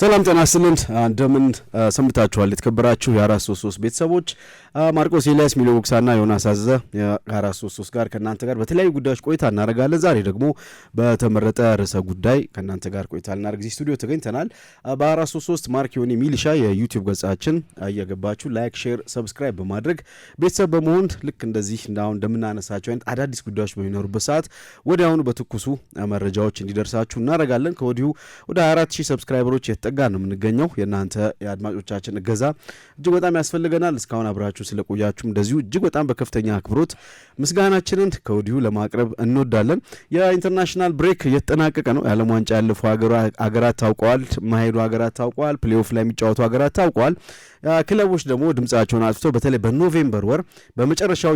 ሰላም ጤና ስምንት እንደምን ሰምታችኋል? የተከበራችሁ የአራት ሶስት ሶስት ቤተሰቦች ማርቆስ ኤልያስ፣ ሚሎ ቦክሳና ዮናስ አዘ ከአራት ሶስት ሶስት ጋር ከእናንተ ጋር በተለያዩ ጉዳዮች ቆይታ እናደርጋለን። ዛሬ ደግሞ በተመረጠ ርዕሰ ጉዳይ ከእናንተ ጋር ቆይታ ልናደርግ እዚህ ስቱዲዮ ተገኝተናል። በአራት ሶስት ሶስት ማርክ ዮኒ ሚሊሻ የዩቲዩብ ገጻችን እየገባችሁ ላይክ፣ ሼር፣ ሰብስክራይብ በማድረግ ቤተሰብ በመሆን ልክ እንደዚህ አሁን እንደምናነሳቸው አይነት አዳዲስ ጉዳዮች በሚኖሩበት ሰዓት ወዲያውኑ በትኩሱ መረጃዎች እንዲደርሳችሁ እናደርጋለን። ከወዲሁ ወደ 24 ሺህ ሰብስክራይበሮች የተጠ እየተጠጋን ነው የምንገኘው። የእናንተ የአድማጮቻችን እገዛ እጅግ በጣም ያስፈልገናል። እስካሁን አብራችሁ ስለቆያችሁ እንደዚሁ እጅግ በጣም በከፍተኛ አክብሮት ምስጋናችንን ከወዲሁ ለማቅረብ እንወዳለን። የኢንተርናሽናል ብሬክ እየተጠናቀቀ ነው። የዓለም ዋንጫ ያለፉ ሀገራት ታውቀዋል። ማሄዱ ሀገራት ታውቀዋል። ፕሌኦፍ ላይ የሚጫወቱ ሀገራት ታውቀዋል። ክለቦች ደግሞ ድምጻቸውን አጥፍተው በተለይ በኖቬምበር ወር በመጨረሻው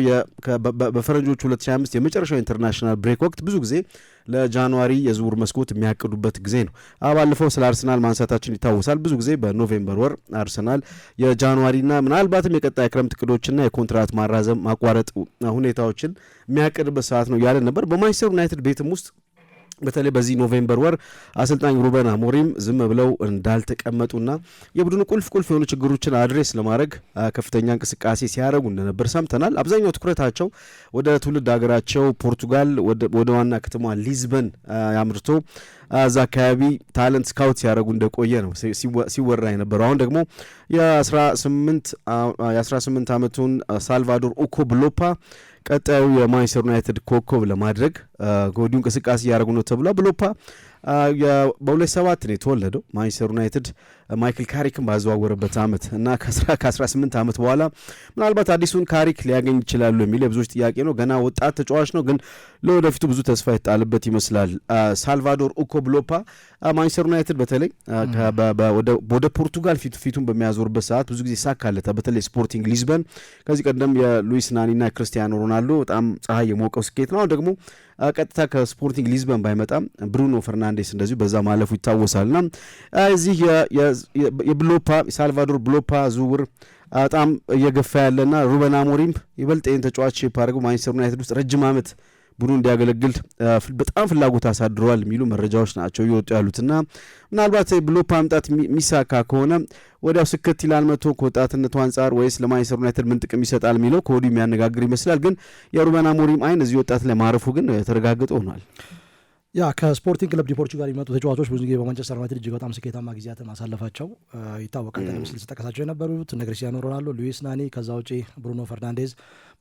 በፈረንጆቹ 2025 የመጨረሻው ኢንተርናሽናል ብሬክ ወቅት ብዙ ጊዜ ለጃንዋሪ የዝውውር መስኮት የሚያቅዱበት ጊዜ ነው። ባለፈው ስለ አርሰናል ማንሳታችን ይታወሳል። ብዙ ጊዜ በኖቬምበር ወር አርሰናል የጃንዋሪና ምናልባትም የቀጣይ ክረምት እቅዶችና የኮንትራት ማራዘም ማቋረጥ ሁኔታዎችን የሚያቅድበት ሰዓት ነው ያለን ነበር። በማንቸስተር ዩናይትድ ቤትም ውስጥ በተለይ በዚህ ኖቬምበር ወር አሰልጣኝ ሩበን አሞሪም ዝም ብለው እንዳልተቀመጡና የቡድኑ ቁልፍ ቁልፍ የሆኑ ችግሮችን አድሬስ ለማድረግ ከፍተኛ እንቅስቃሴ ሲያደርጉ እንደነበር ሰምተናል። አብዛኛው ትኩረታቸው ወደ ትውልድ ሀገራቸው ፖርቱጋል ወደ ዋና ከተማ ሊዝበን አምርቶ እዛ አካባቢ ታለንት ስካውት ሲያደርጉ እንደቆየ ነው ሲወራ የነበረው። አሁን ደግሞ የ18 ዓመቱን ሳልቫዶር ኡኮ ብሎፓ ቀጣዩ የማንቸስተር ዩናይትድ ኮከብ ለማድረግ ከወዲሁ እንቅስቃሴ እያደረጉ ነው ተብሏል። ብሎፓ በሁለት ሰባት ነው የተወለደው ማንቸስተር ዩናይትድ ማይክል ካሪክን ባዘዋወረበት ዓመት እና ከ18 ዓመት በኋላ ምናልባት አዲሱን ካሪክ ሊያገኝ ይችላሉ የሚል የብዙዎች ጥያቄ ነው። ገና ወጣት ተጫዋች ነው፣ ግን ለወደፊቱ ብዙ ተስፋ ይጣልበት ይመስላል። ሳልቫዶር ኡኮ ብሎፓ ማንቸስተር ዩናይትድ በተለይ ወደ ፖርቱጋል ፊቱን በሚያዞርበት ሰዓት ብዙ ጊዜ ይሳካለት፣ በተለይ ስፖርቲንግ ሊዝበን ከዚህ ቀደም የሉዊስ ናኒና ክርስቲያኖ ሮናልዶ በጣም ፀሐይ የሞቀው ስኬት ነው። አሁን ደግሞ ቀጥታ ከስፖርቲንግ ሊዝበን ባይመጣም ብሩኖ ፈርናንዴስ እንደዚሁ በዛ ማለፉ ና እዚህ የብሎፓ የሳልቫዶር ብሎፓ ዝውውር በጣም እየገፋ ያለና ሩበን አሞሪም ይበልጥ ይህን ተጫዋች ፓርጉ ማንቸስተር ዩናይትድ ውስጥ ረጅም ዓመት ቡድኑ እንዲያገለግል በጣም ፍላጎት አሳድረዋል የሚሉ መረጃዎች ናቸው እየወጡ ያሉትና ምናልባት ብሎፓ መምጣት የሚሳካ ከሆነ ወዲያው ስክት ይላል መቶ ከወጣትነቱ አንጻር ወይስ ለማንቸስተር ዩናይትድ ምን ጥቅም ይሰጣል የሚለው ከወዲሁ የሚያነጋግር ይመስላል። ግን የሩበን አሞሪም አይን እዚህ ወጣት ላይ ማረፉ ግን ተረጋግጦ ሆኗል። ያ ከስፖርቲንግ ክለብ ዲፖርቹ ጋር የሚመጡ ተጫዋቾች ብዙ ጊዜ በማንቸስተር ዩናይትድ እጅግ በጣም ስኬታማ ጊዜያት ማሳለፋቸው ይታወቃል። ቀደም ሲል ስጠቀሳቸው የነበሩት እነ ክርስቲያኖ ሮናልዶ፣ ሉዊስ ናኒ፣ ከዛ ውጪ ብሩኖ ፈርናንዴዝ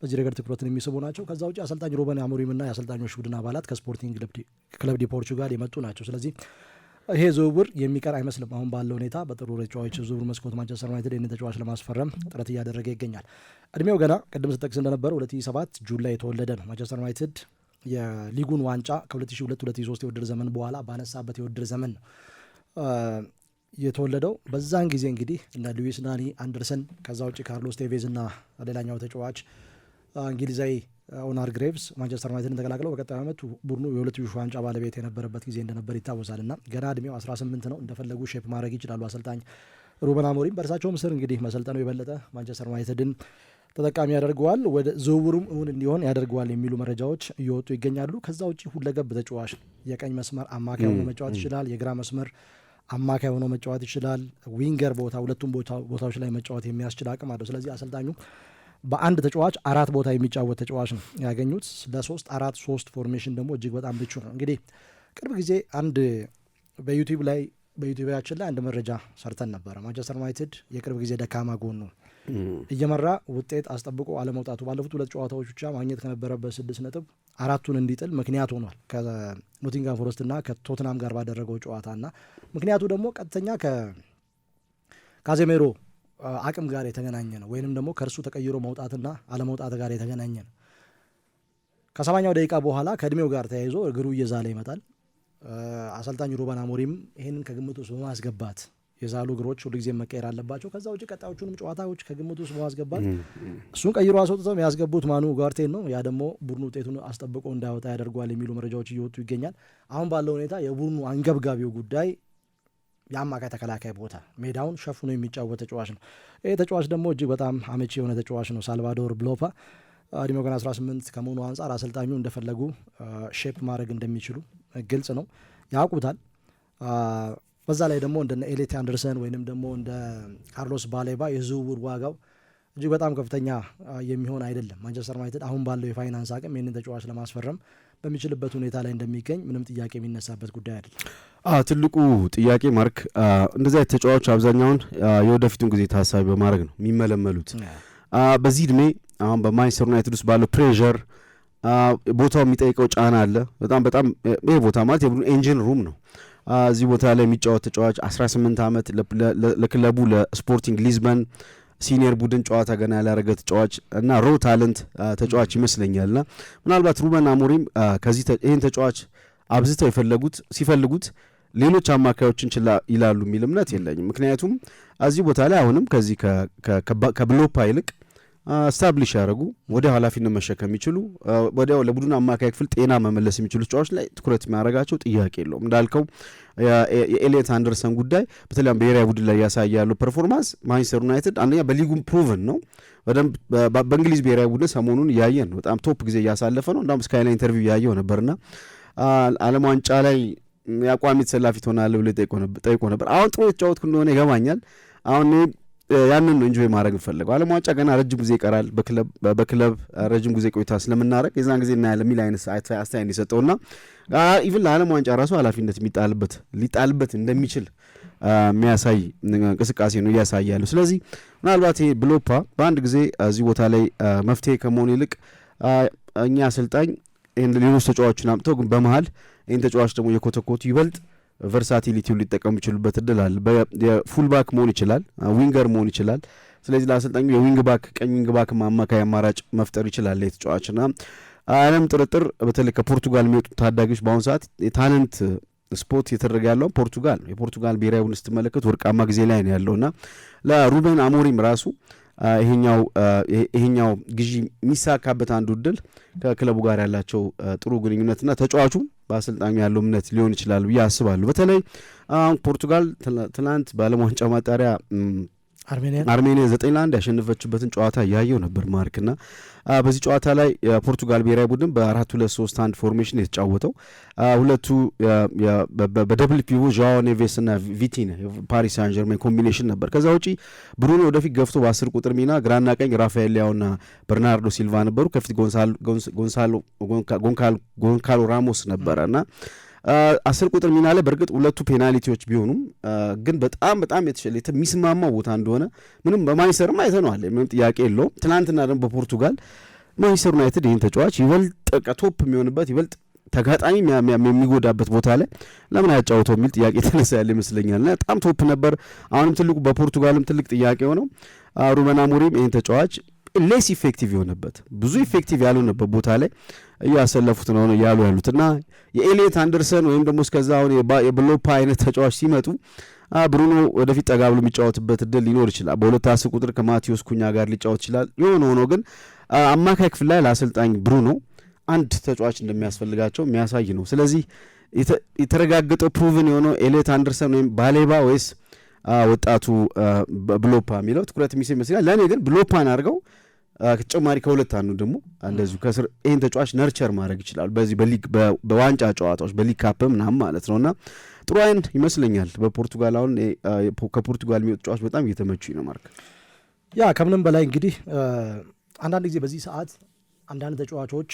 በዚህ ረገድ ትኩረትን የሚስቡ ናቸው። ከዛ ውጪ አሰልጣኝ ሩበን አሞሪምና የአሰልጣኞች ቡድን አባላት ከስፖርቲንግ ክለብ ዲፖርቹ ጋር የመጡ ናቸው። ስለዚህ ይሄ ዝውውር የሚቀር አይመስልም። አሁን ባለው ሁኔታ በጥሩ ተጫዋች ዝውውር መስኮት ማንቸስተር ዩናይትድ ይህንን ተጫዋች ለማስፈረም ጥረት እያደረገ ይገኛል። እድሜው ገና ቅድም ስጠቅስ እንደነበረ 2007 ጁን የተወለደ ነው። ማንቸስተር ዩናይትድ የሊጉን ዋንጫ ከ2002 2003 የውድድር ዘመን በኋላ ባነሳበት የውድድር ዘመን ነው የተወለደው። በዛን ጊዜ እንግዲህ እነ ሉዊስ ናኒ አንደርሰን፣ ከዛ ውጭ ካርሎስ ቴቬዝ እና ሌላኛው ተጫዋች እንግሊዛዊ ኦናር ግሬቭስ ማንቸስተር ዩናይትድን ተቀላቅለው በቀጣዩ ዓመት ቡድኑ የ ዋንጫ ባለቤት የነበረበት ጊዜ እንደነበር ይታወሳል። እና ገና እድሜው 18 ነው። እንደፈለጉ ሼፕ ማድረግ ይችላሉ። አሰልጣኝ ሩበን አሞሪም በእርሳቸውም ስር እንግዲህ መሰልጠኑ የበለጠ ማንቸስተር ዩናይትድን ተጠቃሚ ያደርገዋል፣ ወደ ዝውውሩም እውን እንዲሆን ያደርገዋል የሚሉ መረጃዎች እየወጡ ይገኛሉ። ከዛ ውጭ ሁለገብ ተጫዋች የቀኝ መስመር አማካይ ሆኖ መጫወት ይችላል። የግራ መስመር አማካይ ሆኖ መጫወት ይችላል። ዊንገር ቦታ ሁለቱም ቦታዎች ላይ መጫወት የሚያስችል አቅም አለው። ስለዚህ አሰልጣኙ በአንድ ተጫዋች አራት ቦታ የሚጫወት ተጫዋች ነው ያገኙት። ለሶስት አራት ሶስት ፎርሜሽን ደግሞ እጅግ በጣም ምቹ ነው። እንግዲህ ቅርብ ጊዜ አንድ በዩቲዩብ ላይ በዩቲዩባችን ላይ አንድ መረጃ ሰርተን ነበረ። ማንቸስተር ዩናይትድ የቅርብ ጊዜ ደካማ ጎኑ እየመራ ውጤት አስጠብቆ አለመውጣቱ ባለፉት ሁለት ጨዋታዎች ብቻ ማግኘት ከነበረበት ስድስት ነጥብ አራቱን እንዲጥል ምክንያት ሆኗል። ከኖቲንጋም ፎረስትና ከቶትናም ጋር ባደረገው ጨዋታና ምክንያቱ ደግሞ ቀጥተኛ ከካዜሜሮ አቅም ጋር የተገናኘ ነው፣ ወይንም ደግሞ ከእርሱ ተቀይሮ መውጣትና አለመውጣት ጋር የተገናኘ ነው። ከሰባኛው ደቂቃ በኋላ ከእድሜው ጋር ተያይዞ እግሩ እየዛለ ይመጣል። አሰልጣኝ ሩበን አሞሪም ይህንን ከግምት ውስጥ በማስገባት የዛሉ እግሮች ጊዜ መቀየር አለባቸው። ከዛ ውጭ ቀጣዮቹንም ጨዋታዎች ከግምት ውስጥ በማስገባት እሱን ቀይሮ አስወጥተው ያስገቡት ማኑ ጓርቴን ነው። ያ ደግሞ ቡድኑ ውጤቱን አስጠብቆ እንዳያወጣ ያደርገዋል የሚሉ መረጃዎች እየወጡ ይገኛል። አሁን ባለው ሁኔታ የቡድኑ አንገብጋቢው ጉዳይ የአማካይ ተከላካይ ቦታ ሜዳውን ሸፍኖ የሚጫወት ተጫዋች ነው። ይህ ተጫዋች ደግሞ እጅግ በጣም አመቺ የሆነ ተጫዋች ነው፣ ሳልቫዶር ብሎፓ እድሜው ገና 18 ከመሆኑ አንጻር አሰልጣኙ እንደፈለጉ ሼፕ ማድረግ እንደሚችሉ ግልጽ ነው፣ ያውቁታል። በዛ ላይ ደግሞ እንደ ኤሌት አንደርሰን ወይንም ደግሞ እንደ ካርሎስ ባሌባ የዝውውር ዋጋው እጅግ በጣም ከፍተኛ የሚሆን አይደለም። ማንቸስተር ዩናይትድ አሁን ባለው የፋይናንስ አቅም ይህንን ተጫዋች ለማስፈረም በሚችልበት ሁኔታ ላይ እንደሚገኝ ምንም ጥያቄ የሚነሳበት ጉዳይ አይደለም። ትልቁ ጥያቄ ማርክ፣ እንደዚህ አይነት ተጫዋች አብዛኛውን የወደፊቱን ጊዜ ታሳቢ በማድረግ ነው የሚመለመሉት። በዚህ እድሜ አሁን በማንቸስተር ዩናይትድ ውስጥ ባለው ፕሬዠር ቦታው የሚጠይቀው ጫና አለ። በጣም በጣም ይህ ቦታ ማለት የቡድን ኤንጂን ሩም ነው። እዚህ ቦታ ላይ የሚጫወት ተጫዋች 18 ዓመት ለክለቡ ለስፖርቲንግ ሊዝበን ሲኒየር ቡድን ጨዋታ ገና ያላረገ ተጫዋች እና ሮ ታለንት ተጫዋች ይመስለኛል ና ምናልባት ሩበን አሞሪም ከዚህ ይህን ተጫዋች አብዝተው የፈለጉት ሲፈልጉት ሌሎች አማካዮችን ችላ ይላሉ የሚል እምነት የለኝም። ምክንያቱም እዚህ ቦታ ላይ አሁንም ከዚህ ከብሎፓ ይልቅ ስታብሊሽ ያደረጉ ወደ ኃላፊነት መሸከም የሚችሉ ወዲያው ለቡድን አማካይ ክፍል ጤና መመለስ የሚችሉ ተጫዋቾች ላይ ትኩረት የሚያደርጋቸው ጥያቄ የለውም። እንዳልከው የኤሌት አንደርሰን ጉዳይ በተለያም ብሔራዊ ቡድን ላይ ያሳየ ያለው ፐርፎርማንስ ማንቸስተር ዩናይትድ አንደኛ በሊጉም ፕሩቭን ነው። በደንብ በእንግሊዝ ብሔራዊ ቡድን ሰሞኑን እያየን ነው። በጣም ቶፕ ጊዜ እያሳለፈ ነው። እንዳውም ስካይ ላይ ኢንተርቪው እያየው ነበርና ዓለም ዋንጫ ላይ የአቋሚ ተሰላፊ ትሆናለህ ብሎ ጠይቆ ነበር። አሁን ጥሩ የተጫወትኩ እንደሆነ ይገባኛል። አሁን ያንን ነው ኢንጆይ ማድረግ እንፈልገው። ዓለም ዋንጫ ገና ረጅም ጊዜ ይቀራል። በክለብ ረጅም ጊዜ ቆይታ ስለምናደረግ የዛን ጊዜ እናያለ የሚል አይነት አስተያየት የሰጠው ኢቭን ለዓለም ዋንጫ ራሱ ኃላፊነት የሚጣልበት ሊጣልበት እንደሚችል የሚያሳይ እንቅስቃሴ ነው እያሳያሉ። ስለዚህ ምናልባት ይሄ ብሎፓ በአንድ ጊዜ እዚህ ቦታ ላይ መፍትሄ ከመሆን ይልቅ እኛ አሰልጣኝ ሌሎች ተጫዋቾችን አምጥተው ግን በመሀል ይህን ተጫዋች ደግሞ የኮተኮቱ ይበልጥ ቨርሳቲሊቲውን ሊጠቀሙ ይችሉበት እድል አለ። የፉልባክ መሆን ይችላል፣ ዊንገር መሆን ይችላል። ስለዚህ ለአሰልጣኙ የዊንግ ባክ ቀኝ ዊንግ ባክ አማካይ አማራጭ መፍጠር ይችላል የተጫዋችና አለም ጥርጥር በተለይ ከፖርቱጋል የሚወጡ ታዳጊዎች በአሁኑ ሰዓት የታለንት ስፖርት እየተደረገ ያለው ፖርቱጋል የፖርቱጋል ብሔራዊ ቡድን ስትመለከት ወርቃማ ጊዜ ላይ ነው ያለውና ለሩቤን አሞሪም ራሱ ይሄኛው ግዢ የሚሳካበት አንዱ እድል ከክለቡ ጋር ያላቸው ጥሩ ግንኙነትና ተጫዋቹ በአሰልጣኙ ያለው እምነት ሊሆን ይችላል ብዬ አስባለሁ። በተለይ ፖርቱጋል ትናንት በዓለም ዋንጫ ማጣሪያ አርሜኒያ ዘጠኝ ለአንድ ያሸነፈችበትን ጨዋታ እያየው ነበር ማርክና በዚህ ጨዋታ ላይ የፖርቱጋል ብሔራዊ ቡድን በአራት ሁለት ሶስት አንድ ፎርሜሽን የተጫወተው ሁለቱ በደብል ፒቮ ዣዋ ኔቬስ እና ቪቲን ፓሪስ ሳን ኮምቢኔሽን ነበር። ከዛ ውጪ ብሩኖ ወደፊት ገፍቶ በአስር ቁጥር ሚና ግራና ቀኝ ራፋኤል ሊያውና በርናርዶ ሲልቫ ነበሩ። ከፊት ጎንካሎ ራሞስ ነበረ እና አስር ቁጥር ሚና ላይ በእርግጥ ሁለቱ ፔናልቲዎች ቢሆኑም ግን በጣም በጣም የተሸለተ የሚስማማው ቦታ እንደሆነ ምንም በማንችስተርም አይተነዋል፣ ምንም ጥያቄ የለውም። ትናንትና ደግሞ በፖርቱጋል ማንችስተር ዩናይትድ ይህን ተጫዋች ይበልጥ ከቶፕ የሚሆንበት ይበልጥ ተጋጣሚ የሚጎዳበት ቦታ ላይ ለምን አያጫውተው የሚል ጥያቄ የተነሳ ያለ ይመስለኛል። በጣም ቶፕ ነበር። አሁንም ትልቁ በፖርቱጋልም ትልቅ ጥያቄ ሆነው ሩበን አሞሪም ይህን ተጫዋች ሌስ ኢፌክቲቭ የሆነበት ብዙ ኢፌክቲቭ ያልሆነበት ቦታ ላይ እያሰለፉት ነው እያሉ ያሉት እና የኤሌት አንደርሰን ወይም ደግሞ እስከዛ አሁን የብሎፓ አይነት ተጫዋች ሲመጡ ብሩኖ ወደፊት ጠጋ ብሎ የሚጫወትበት እድል ሊኖር ይችላል። በሁለት አስር ቁጥር ከማቴዎስ ኩኛ ጋር ሊጫወት ይችላል። የሆነ ሆኖ ግን አማካይ ክፍል ላይ ለአሰልጣኝ ብሩኖ አንድ ተጫዋች እንደሚያስፈልጋቸው የሚያሳይ ነው። ስለዚህ የተረጋገጠው ፕሩቭን የሆነው ኤሌት አንደርሰን ወይም ባሌባ ወይስ ወጣቱ ብሎፓ የሚለው ትኩረት የሚስብ ይመስላል። ለእኔ ግን ብሎፓን አድርገው ተጨማሪ ከሁለት አንዱ ደግሞ እንደዚሁ ከስር ይህን ተጫዋች ነርቸር ማድረግ ይችላሉ። በዚህ በሊግ በዋንጫ ጨዋታዎች በሊግ ካፕ ምናምን ማለት ነው እና ጥሩ አይን ይመስለኛል። በፖርቱጋል አሁን ከፖርቱጋል የሚወጡ ተጫዋች በጣም እየተመቹኝ ነው። ማርክ ያ ከምንም በላይ እንግዲህ አንዳንድ ጊዜ በዚህ ሰዓት አንዳንድ ተጫዋቾች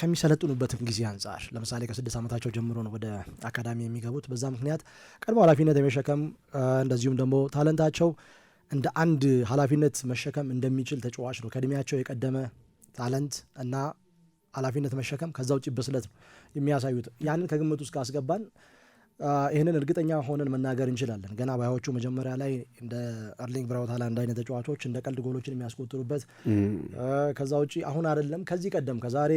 ከሚሰለጥኑበትም ጊዜ አንጻር ለምሳሌ ከስድስት ዓመታቸው ጀምሮ ነው ወደ አካዳሚ የሚገቡት። በዛ ምክንያት ቀድሞ ኃላፊነት የመሸከም እንደዚሁም ደግሞ ታለንታቸው እንደ አንድ ኃላፊነት መሸከም እንደሚችል ተጫዋች ነው። ከእድሜያቸው የቀደመ ታለንት እና ኃላፊነት መሸከም ከዛ ውጭ ብስለት ነው የሚያሳዩት። ያንን ከግምት ውስጥ ካስገባን ይህንን እርግጠኛ ሆነን መናገር እንችላለን። ገና ባያዎቹ መጀመሪያ ላይ እንደ እርሊንግ ብራውት ሃላንድ አይነት ተጫዋቾች እንደ ቀልድ ጎሎችን የሚያስቆጥሩበት ከዛ ውጭ አሁን አይደለም ከዚህ ቀደም ከዛሬ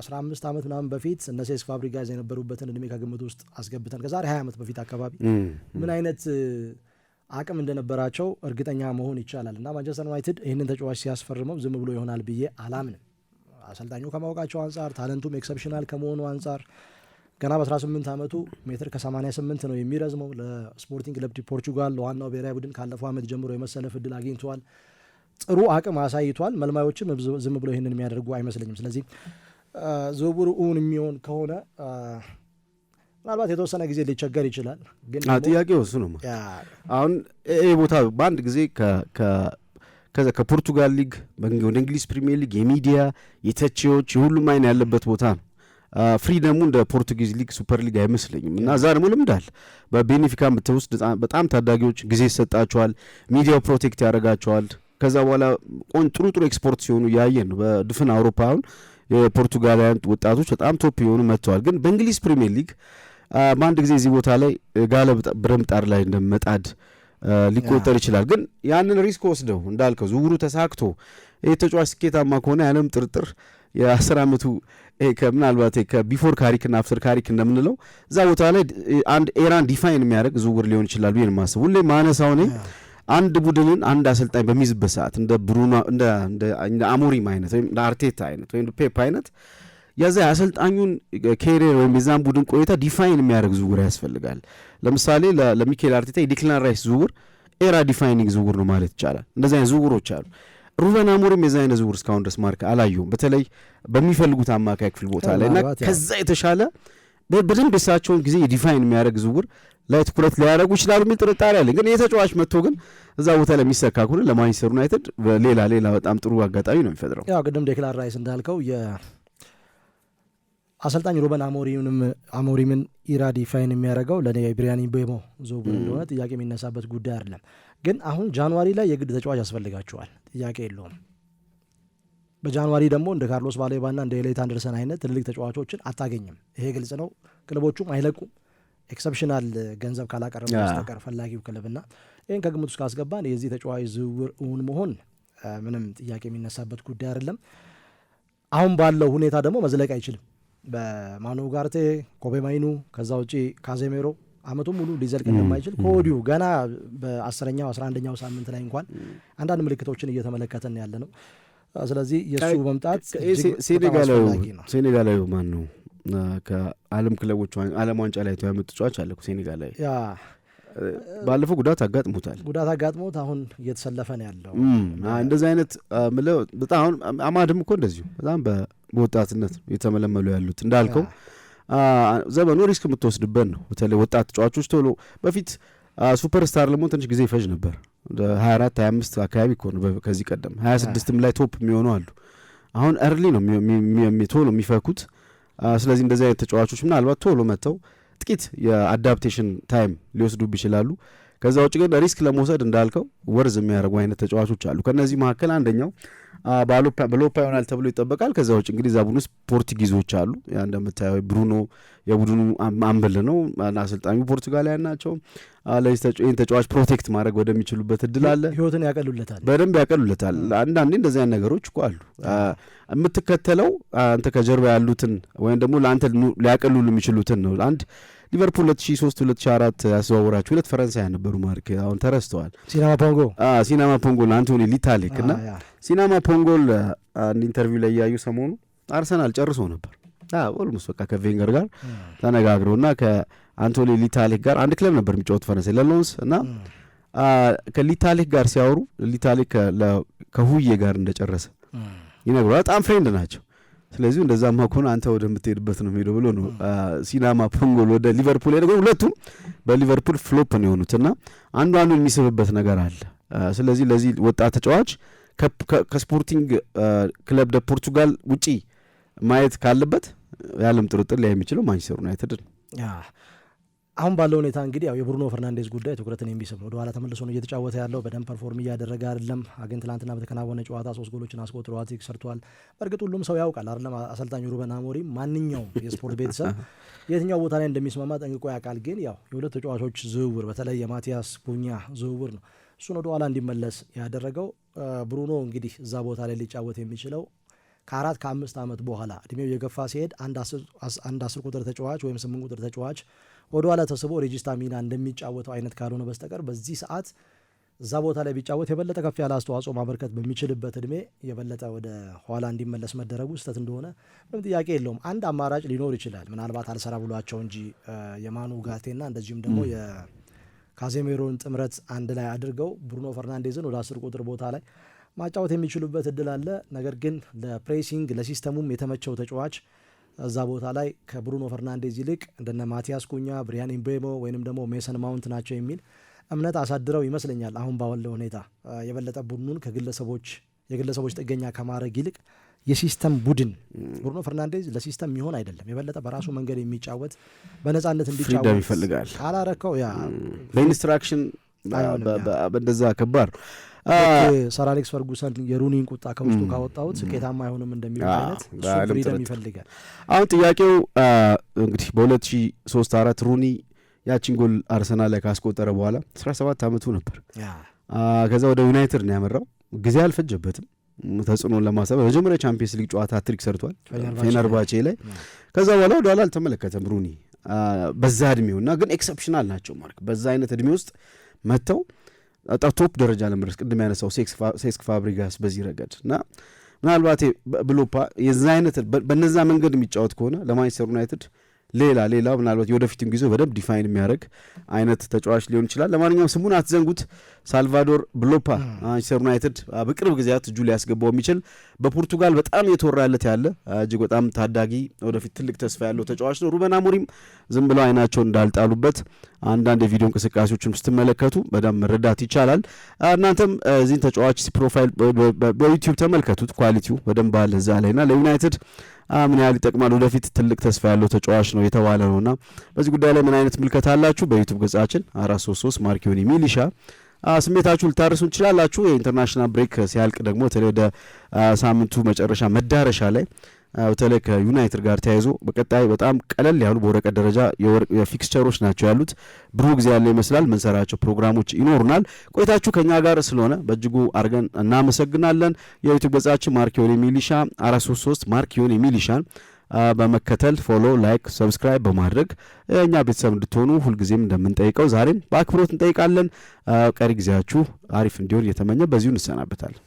15 ዓመት ምናምን በፊት እነ ሴስክ ፋብሪጋዝ የነበሩበትን እድሜ ከግምት ውስጥ አስገብተን ከዛሬ 20 ዓመት በፊት አካባቢ ምን አይነት አቅም እንደነበራቸው እርግጠኛ መሆን ይቻላል እና ማንቸስተር ዩናይትድ ይህንን ተጫዋች ሲያስፈርመው ዝም ብሎ ይሆናል ብዬ አላምንም። አሰልጣኙ ከማወቃቸው አንጻር ታለንቱም ኤክሰፕሽናል ከመሆኑ አንጻር ገና በ18 ዓመቱ ሜትር ከ88 ነው የሚረዝመው። ለስፖርቲንግ ክለብ ፖርቹጋል ለዋናው ብሔራዊ ቡድን ካለፈው ዓመት ጀምሮ የመሰለፍ እድል አግኝተዋል። ጥሩ አቅም አሳይቷል። መልማዮችም ዝም ብሎ ይህንን የሚያደርጉ አይመስለኝም። ስለዚህ ዝውውር እውን የሚሆን ከሆነ ምናልባት የተወሰነ ጊዜ ሊቸገር ይችላል። ግን ጥያቄ ወሱ ነው። አሁን ይሄ ቦታ በአንድ ጊዜ ከፖርቱጋል ሊግ ወደ እንግሊዝ ፕሪሚየር ሊግ የሚዲያ የተቼዎች የሁሉም አይን ያለበት ቦታ ነው። ፍሪ ደግሞ እንደ ፖርቱጊዝ ሊግ ሱፐር ሊግ አይመስለኝም። እና እዛ ደግሞ ልምድ አለ። በቤኔፊካን ብትወስድ በጣም ታዳጊዎች ጊዜ ይሰጣቸዋል። ሚዲያው ፕሮቴክት ያደርጋቸዋል። ከዛ በኋላ ቆን ጥሩ ጥሩ ኤክስፖርት ሲሆኑ ያየን ነው። በድፍን አውሮፓ አሁን የፖርቱጋላውያን ወጣቶች በጣም ቶፕ የሆኑ መጥተዋል። ግን በእንግሊዝ ፕሪሚየር ሊግ በአንድ ጊዜ እዚህ ቦታ ላይ ጋለ ብረምጣር ላይ እንደመጣድ ሊቆጠር ይችላል። ግን ያንን ሪስክ ወስደው እንዳልከው ዝውውሩ ተሳክቶ ይህ ተጫዋች ስኬታማ ከሆነ ያለም ጥርጥር የአስር ዓመቱ ምናልባት ከቢፎር ካሪክና አፍተር ካሪክ እንደምንለው እዛ ቦታ ላይ አንድ ኤራን ዲፋይን የሚያደርግ ዝውውር ሊሆን ይችላል ብዬ ነው ሁሌ ማነሳው እኔ አንድ ቡድንን አንድ አሰልጣኝ በሚይዝበት ሰዓት እንደ ብሩኖ እንደ አሞሪም አይነት ወይም እንደ አርቴታ አይነት ወይም ፔፕ አይነት የዛ አሰልጣኙን ኬሪየር ወይም የዛን ቡድን ቆይታ ዲፋይን የሚያደርግ ዝውውር ያስፈልጋል። ለምሳሌ ለሚካኤል አርቴታ የዲክላን ራይስ ዝውውር ኤራ ዲፋይኒንግ ዝውውር ነው ማለት ይቻላል። እንደዚህ አይነት ዝውውሮች አሉ። ሩቨን አሞሪም የዛ አይነት ዝውውር እስካሁን ድረስ ማርክ አላየሁም፣ በተለይ በሚፈልጉት አማካይ ክፍል ቦታ ላይ እና ከዛ የተሻለ በደንብ የሳቸውን ጊዜ የዲፋይን የሚያደርግ ዝውውር ላይ ትኩረት ሊያደርጉ ይችላሉ የሚል ጥርጣሬ አለ። ግን የተጫዋች መጥቶ ግን እዛ ቦታ ላይ የሚሰካ ከሆነ ለማንቸስተር ዩናይትድ ሌላ ሌላ በጣም ጥሩ አጋጣሚ ነው የሚፈጥረው። ያው ቅድም ዴክላን ራይስ እንዳልከው አሰልጣኝ ሮበን አሞሪምን ኢራዲ ፋይን የሚያደርገው ብሪያኒ ቤሞ ዝውውር እንደሆነ ጥያቄ የሚነሳበት ጉዳይ አይደለም። ግን አሁን ጃንዋሪ ላይ የግድ ተጫዋች ያስፈልጋቸዋል፣ ጥያቄ የለውም። በጃንዋሪ ደግሞ እንደ ካርሎስ ባሌባና እንደ ኤሌት አንደርሰን አይነት ትልልቅ ተጫዋቾችን አታገኝም። ይሄ ግልጽ ነው። ክለቦቹም አይለቁም፣ ኤክሰፕሽናል ገንዘብ ካላቀረበ በስተቀር ፈላጊው ክለብና ይህን ከግምት ውስጥ ካስገባን የዚህ ተጫዋች ዝውውር እውን መሆን ምንም ጥያቄ የሚነሳበት ጉዳይ አይደለም። አሁን ባለው ሁኔታ ደግሞ መዝለቅ አይችልም። በማኑ ጋርቴ ኮቤ ማይኑ፣ ከዛ ውጪ ካዜሜሮ አመቱን ሙሉ ሊዘልቅ እንደማይችል ከወዲሁ ገና በአስረኛው አስራ አንደኛው ሳምንት ላይ እንኳን አንዳንድ ምልክቶችን እየተመለከተን ያለ ነው። ስለዚህ የእሱ መምጣት ሴኔጋላዊ ማን ነው? ከአለም ክለቦች አለም ዋንጫ ላይ ተያምጥ ተጫዋች አለ ሴኔጋላዊ ባለፈው ጉዳት አጋጥሞታል። ጉዳት አጋጥሞት አሁን እየተሰለፈ ነው ያለው። እንደዚህ አይነት ምለው በጣም አሁን አማድም እኮ እንደዚሁ በጣም በወጣትነት የተመለመሉ ያሉት እንዳልከው ዘመኑ ሪስክ የምትወስድበት ነው። በተለይ ወጣት ተጫዋቾች ቶሎ በፊት ሱፐርስታር ለመሆን ትንሽ ጊዜ ይፈጅ ነበር። 24 25 አካባቢ እኮ ነው ከዚህ ቀደም 26ም ላይ ቶፕ የሚሆኑ አሉ። አሁን እርሊ ነው ቶሎ የሚፈኩት። ስለዚህ እንደዚህ አይነት ተጫዋቾች ምናልባት ቶሎ መጥተው ጥቂት የአዳፕቴሽን ታይም ሊወስዱብ ይችላሉ። ከዛ ውጭ ግን ሪስክ ለመውሰድ እንዳልከው ወርዝ የሚያደርጉ አይነት ተጫዋቾች አሉ። ከእነዚህ መካከል አንደኛው በሎፓ ይሆናል ተብሎ ይጠበቃል። ከዛ ውጭ እንግዲህ እዛ ቡድን ውስጥ ፖርቱጊዞች አሉ። እንደምታየው ብሩኖ የቡድኑ አምብል ነው አሰልጣኙ ፖርቱጋላውያን ናቸው። ይህን ተጫዋች ፕሮቴክት ማድረግ ወደሚችሉበት እድል አለ። ህይወትን ያቀሉለታል፣ በደንብ ያቀሉለታል። አንዳንዴ እንደዚህ አይነት ነገሮች እኮ አሉ። የምትከተለው አንተ ከጀርባ ያሉትን ወይም ደግሞ ለአንተ ሊያቀሉሉ የሚችሉትን ነው። አንድ ሊቨርፑል 2003 2004 ያዘዋወራቸው ሁለት ፈረንሳይ ነበሩ። ማርክ አሁን ተረስተዋል። ሲናማ ፖንጎ ሲናማ ፖንጎል አንቶኒ ሊታሊክ እና ሲናማ ፖንጎል አንድ ኢንተርቪው ላይ እያዩ ሰሞኑ አርሰናል ጨርሶ ነበር ኦልሞስት በቃ ከቬንገር ጋር ተነጋግረው እና ከአንቶኒ ሊታሊክ ጋር አንድ ክለብ ነበር የሚጫወት ፈረንሳይ ለሎንስ እና ከሊታሊክ ጋር ሲያወሩ ሊታሊክ ከሁዬ ጋር እንደጨረሰ ይነግሩ በጣም ፍሬንድ ናቸው ስለዚህ እንደዛማ ከሆነ አንተ ወደምትሄድበት ነው ሄደው ብሎ ነው ሲናማ ፖንጎል ወደ ሊቨርፑል ሄደ። ሁለቱም በሊቨርፑል ፍሎፕ ነው የሆኑት እና አንዱ አንዱ የሚስብበት ነገር አለ። ስለዚህ ለዚህ ወጣት ተጫዋች ከስፖርቲንግ ክለብ ደ ፖርቱጋል ውጪ ማየት ካለበት ያለም ጥርጥር ሊያ የሚችለው ማንቸስተር ዩናይትድ ነው። አሁን ባለው ሁኔታ እንግዲህ ያው የብሩኖ ፈርናንዴዝ ጉዳይ ትኩረትን የሚስብ ነው። ወደኋላ ተመልሶ ነው እየተጫወተ ያለው በደንብ ፐርፎርም እያደረገ አይደለም። አገን ትላንትና በተከናወነ ጨዋታ ሶስት ጎሎችን አስቆጥሮ ሃትሪክ ሰርቷል። በእርግጥ ሁሉም ሰው ያውቃል አይደለም። አሰልጣኝ ሩበን አሞሪም ማንኛውም የስፖርት ቤተሰብ የትኛው ቦታ ላይ እንደሚስማማ ጠንቅቆ ያውቃል። ግን ያው የሁለት ተጫዋቾች ዝውውር በተለይ የማቲያስ ኩኛ ዝውውር ነው እሱን ወደኋላ እንዲመለስ ያደረገው። ብሩኖ እንግዲህ እዛ ቦታ ላይ ሊጫወት የሚችለው ከአራት ከአምስት ዓመት በኋላ እድሜው የገፋ ሲሄድ አንድ አስር ቁጥር ተጫዋች ወይም ስምንት ቁጥር ተጫዋች ወደኋላ ተስቦ ሬጂስታ ሚና እንደሚጫወተው አይነት ካልሆነ በስተቀር በዚህ ሰዓት እዛ ቦታ ላይ ቢጫወት የበለጠ ከፍ ያለ አስተዋጽኦ ማበርከት በሚችልበት እድሜ የበለጠ ወደ ኋላ እንዲመለስ መደረጉ ስህተት እንደሆነ ምንም ጥያቄ የለውም። አንድ አማራጭ ሊኖር ይችላል። ምናልባት አልሰራ ብሏቸው እንጂ የማኑ ጋቴና እንደዚሁም ደግሞ የካዜሜሮን ጥምረት አንድ ላይ አድርገው ብሩኖ ፈርናንዴዝን ወደ አስር ቁጥር ቦታ ላይ ማጫወት የሚችሉበት እድል አለ። ነገር ግን ለፕሬሲንግ ለሲስተሙም የተመቸው ተጫዋች እዛ ቦታ ላይ ከብሩኖ ፈርናንዴዝ ይልቅ እንደነ ማቲያስ ኩኛ፣ ብሪያን ኢምቤሞ ወይንም ደግሞ ሜሰን ማውንት ናቸው የሚል እምነት አሳድረው ይመስለኛል። አሁን ባለው ሁኔታ የበለጠ ቡድኑን ከግለሰቦች የግለሰቦች ጥገኛ ከማድረግ ይልቅ የሲስተም ቡድን ብሩኖ ፈርናንዴዝ ለሲስተም የሚሆን አይደለም። የበለጠ በራሱ መንገድ የሚጫወት በነጻነት እንዲጫወት ይፈልጋል። አላረከው ያ በኢንስትራክሽን በእንደዛ ከባድ ነው። ሰር አሌክስ ፈርጉሰን የሩኒን ቁጣ ከውስጡ ካወጣሁት ስኬታማ አይሆንም እንደሚሉት አይነት እሱ ፍሪደም ይፈልጋል። አሁን ጥያቄው እንግዲህ በሁለት ሺ ሶስት አራት ሩኒ ያችን ጎል አርሰናል ላይ ካስቆጠረ በኋላ አስራ ሰባት አመቱ ነበር። ከዛ ወደ ዩናይትድ ነው ያመራው። ጊዜ አልፈጀበትም ተጽዕኖን ለማሰብ መጀመሪያ ቻምፒየንስ ሊግ ጨዋታ ትሪክ ሰርቷል ፌነርባቼ ላይ። ከዛ በኋላ ወደ ኋላ አልተመለከተም ሩኒ በዛ እድሜው እና ግን ኤክሰፕሽናል ናቸው ማርክ በዛ አይነት እድሜ ውስጥ መጥተው ቶፕ ደረጃ ለመድረስ ቅድም ያነሳው ሴስክ ፋብሪጋስ በዚህ ረገድ እና ምናልባት ብሎፓ የዛ አይነት በነዛ መንገድ የሚጫወት ከሆነ ለማንቸስተር ዩናይትድ ሌላ ሌላ ምናልባት የወደፊቱን ጊዜ በደንብ ዲፋይን የሚያደርግ አይነት ተጫዋች ሊሆን ይችላል። ለማንኛውም ስሙን አትዘንጉት። ሳልቫዶር ብሎፓ ማንቸስተር ዩናይትድ በቅርብ ጊዜያት እጁ ሊያስገባው የሚችል በፖርቱጋል በጣም የተወራለት ያለ እጅግ በጣም ታዳጊ ወደፊት ትልቅ ተስፋ ያለው ተጫዋች ነው። ሩበን አሞሪም ዝም ብለው አይናቸውን እንዳልጣሉበት አንዳንድ የቪዲዮ እንቅስቃሴዎችም ስትመለከቱ በደንብ መረዳት ይቻላል። እናንተም እዚህን ተጫዋች ፕሮፋይል በዩቲዩብ ተመልከቱት። ኳሊቲው በደንብ አለ እዛ ላይና ለዩናይትድ ምን ያህል ይጠቅማል፣ ወደፊት ትልቅ ተስፋ ያለው ተጫዋች ነው የተባለ ነው እና በዚህ ጉዳይ ላይ ምን አይነት ምልከት አላችሁ? በዩቱብ ገጻችን 433 ማርኪዮኒ ሚሊሻ ስሜታችሁ ልታርሱ እንችላላችሁ። የኢንተርናሽናል ብሬክ ሲያልቅ ደግሞ በተለይ ወደ ሳምንቱ መጨረሻ መዳረሻ ላይ በተለይ ከዩናይትድ ጋር ተያይዞ በቀጣይ በጣም ቀለል ያሉ በወረቀት ደረጃ ፊክስቸሮች ናቸው ያሉት። ብሩህ ጊዜ ያለ ይመስላል። ምንሰራቸው ፕሮግራሞች ይኖሩናል። ቆይታችሁ ከኛ ጋር ስለሆነ በእጅጉ አድርገን እናመሰግናለን። የዩቱብ ገጻችን ማርኪዮን የሚሊሻ አራት ሶስት ሶስት ማርኪዮን የሚሊሻን በመከተል ፎሎ፣ ላይክ፣ ሰብስክራይብ በማድረግ እኛ ቤተሰብ እንድትሆኑ ሁልጊዜም እንደምንጠይቀው ዛሬም በአክብሮት እንጠይቃለን። ቀሪ ጊዜያችሁ አሪፍ እንዲሆን እየተመኘ በዚሁ እንሰናበታለን።